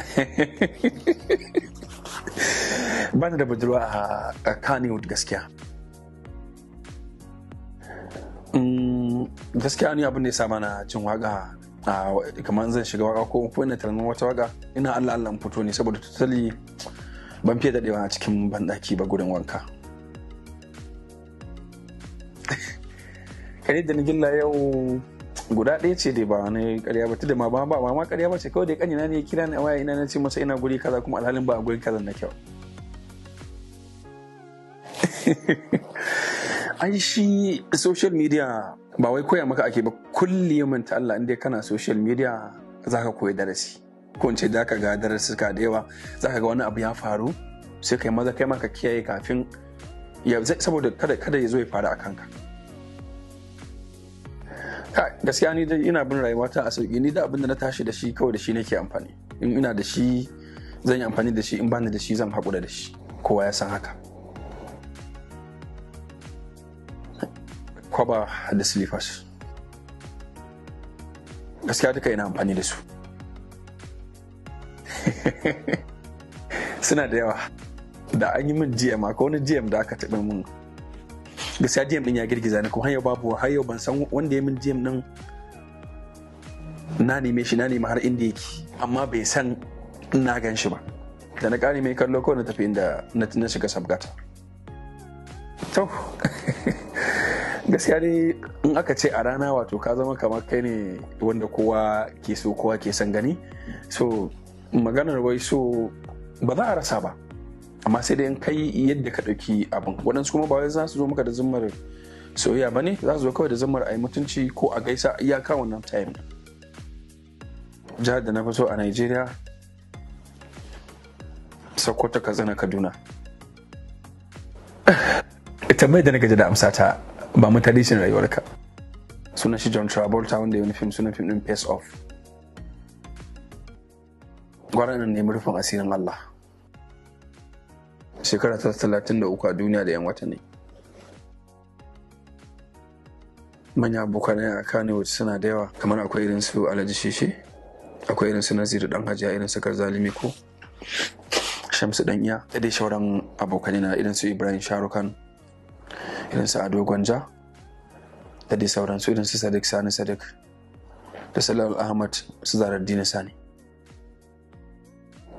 bani da budurwa a kannywood gaskiya mm, gaskiya wani abin da ya sa mana cin waka kamar zan shiga waga ko ko ina tunanin wata waka ina Allah Allah fito ne saboda tutali ban fiye dadewa a cikin banɗaki ba gudun wanka kare da nigilla yau guda ɗaya ce dai ba wani ƙarya ba da ma ba ba ma ƙarya ba ce kawai dai kanina ne kira ni a waya ina na ce masa ina guri kaza kuma alhalin ba a guri kaza na kyau ai shi social media ba wai koya maka ake ba kulli ta Allah inda kana social media zaka koyi darasi ko in ce zaka ga darasika da yawa zaka ga wani abu ya faru sai kai maza kai maka kiyaye kafin saboda kada ya zo ya faru a kanka gaskiya ni dai ina bin rayuwa ta a sauki ni da abin da na tashi da shi kawai da shi nake amfani in ina da shi zan yi amfani da shi in bani da shi zan haƙura da shi kowa ya san haka kwaba da slippers gaskiya duka ina amfani da su suna da yawa da an yi min gm akwai wani gm da aka taɓa min gaskiya jam din ya girgiza ni kuma yau babu har yau ban san wanda ya min jam din na neme shi na neme har inda yake amma bai san na gan shi ba da na kare mai kallo ko na tafi inda na shiga sabgata to gaskiya ne in aka ce a rana wato ka zama kamar kai ne wanda kowa ke so kowa ke san gani so maganar wai so ba za a rasa ba amma sai da kai yadda ka ɗauki abin waɗansu kuma ba wai za su zo maka da zummar soyayya ba ne za su zo kawai da zummar a yi mutunci ko a gaisa iyaka wannan time jihar da na fi so a nigeria sokoto katsina kaduna eh, tambayar da na gaji da amsa ta ba mu tarihin rayuwarka sunan shi john travolta wanda ya wani fim suna fim din face off nan nemi rufin asirin allah shekara ta talatin da uku a duniya da 'yan watanni manya abokanai a kano suna da yawa kamar akwai irin su alhaji sheshe akwai irin su naziru dan hajiya irin su karzalimi ko shamsu dan iya da dai shauran abokanai na irin su ibrahim sharukan irin su ado gwanja da dai su irin su sadiq sani sadiq da salal ahmad su zarar dina sani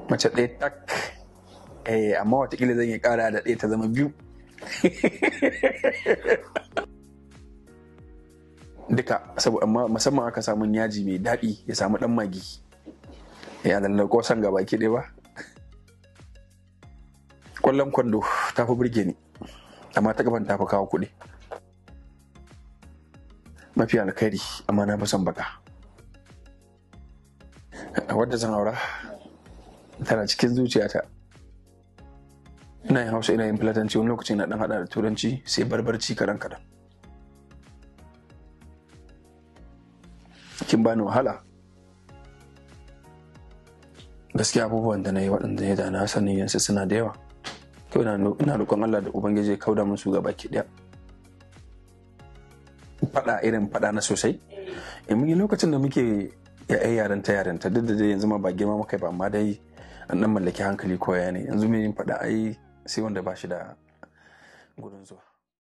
mace ɗaya tak eh amma watakila zan yi kara da ɗaya ta zama biyu duka saboda musamman aka samu yaji mai daɗi ya samu ɗan magi ya lallar kosan gaba ki ba ƙwallon kwando ta fi burge ni amma ta gaban ta fi kawo kuɗi mafi alkhairi amma na fi son baka wadda zan aura tana cikin zuciyata ina yin hausa ina yin filatanci wani lokaci na dan hada da turanci sai barbarci kadan kadan kin bani wahala gaskiya abubuwan da na yi waɗanda ya dana na sanin yansu suna da yawa kyau ina roƙon Allah da ubangiji ya kauda musu gaba ki ɗaya faɗa irin faɗa na sosai in mun yi lokacin da muke ya'yan yaranta yaranta duk da dai yanzu ma ba girma muka ba amma dai an dan mallaki hankali koya ne yanzu mun yin faɗa ai sai wanda ba shi da gudun zuwa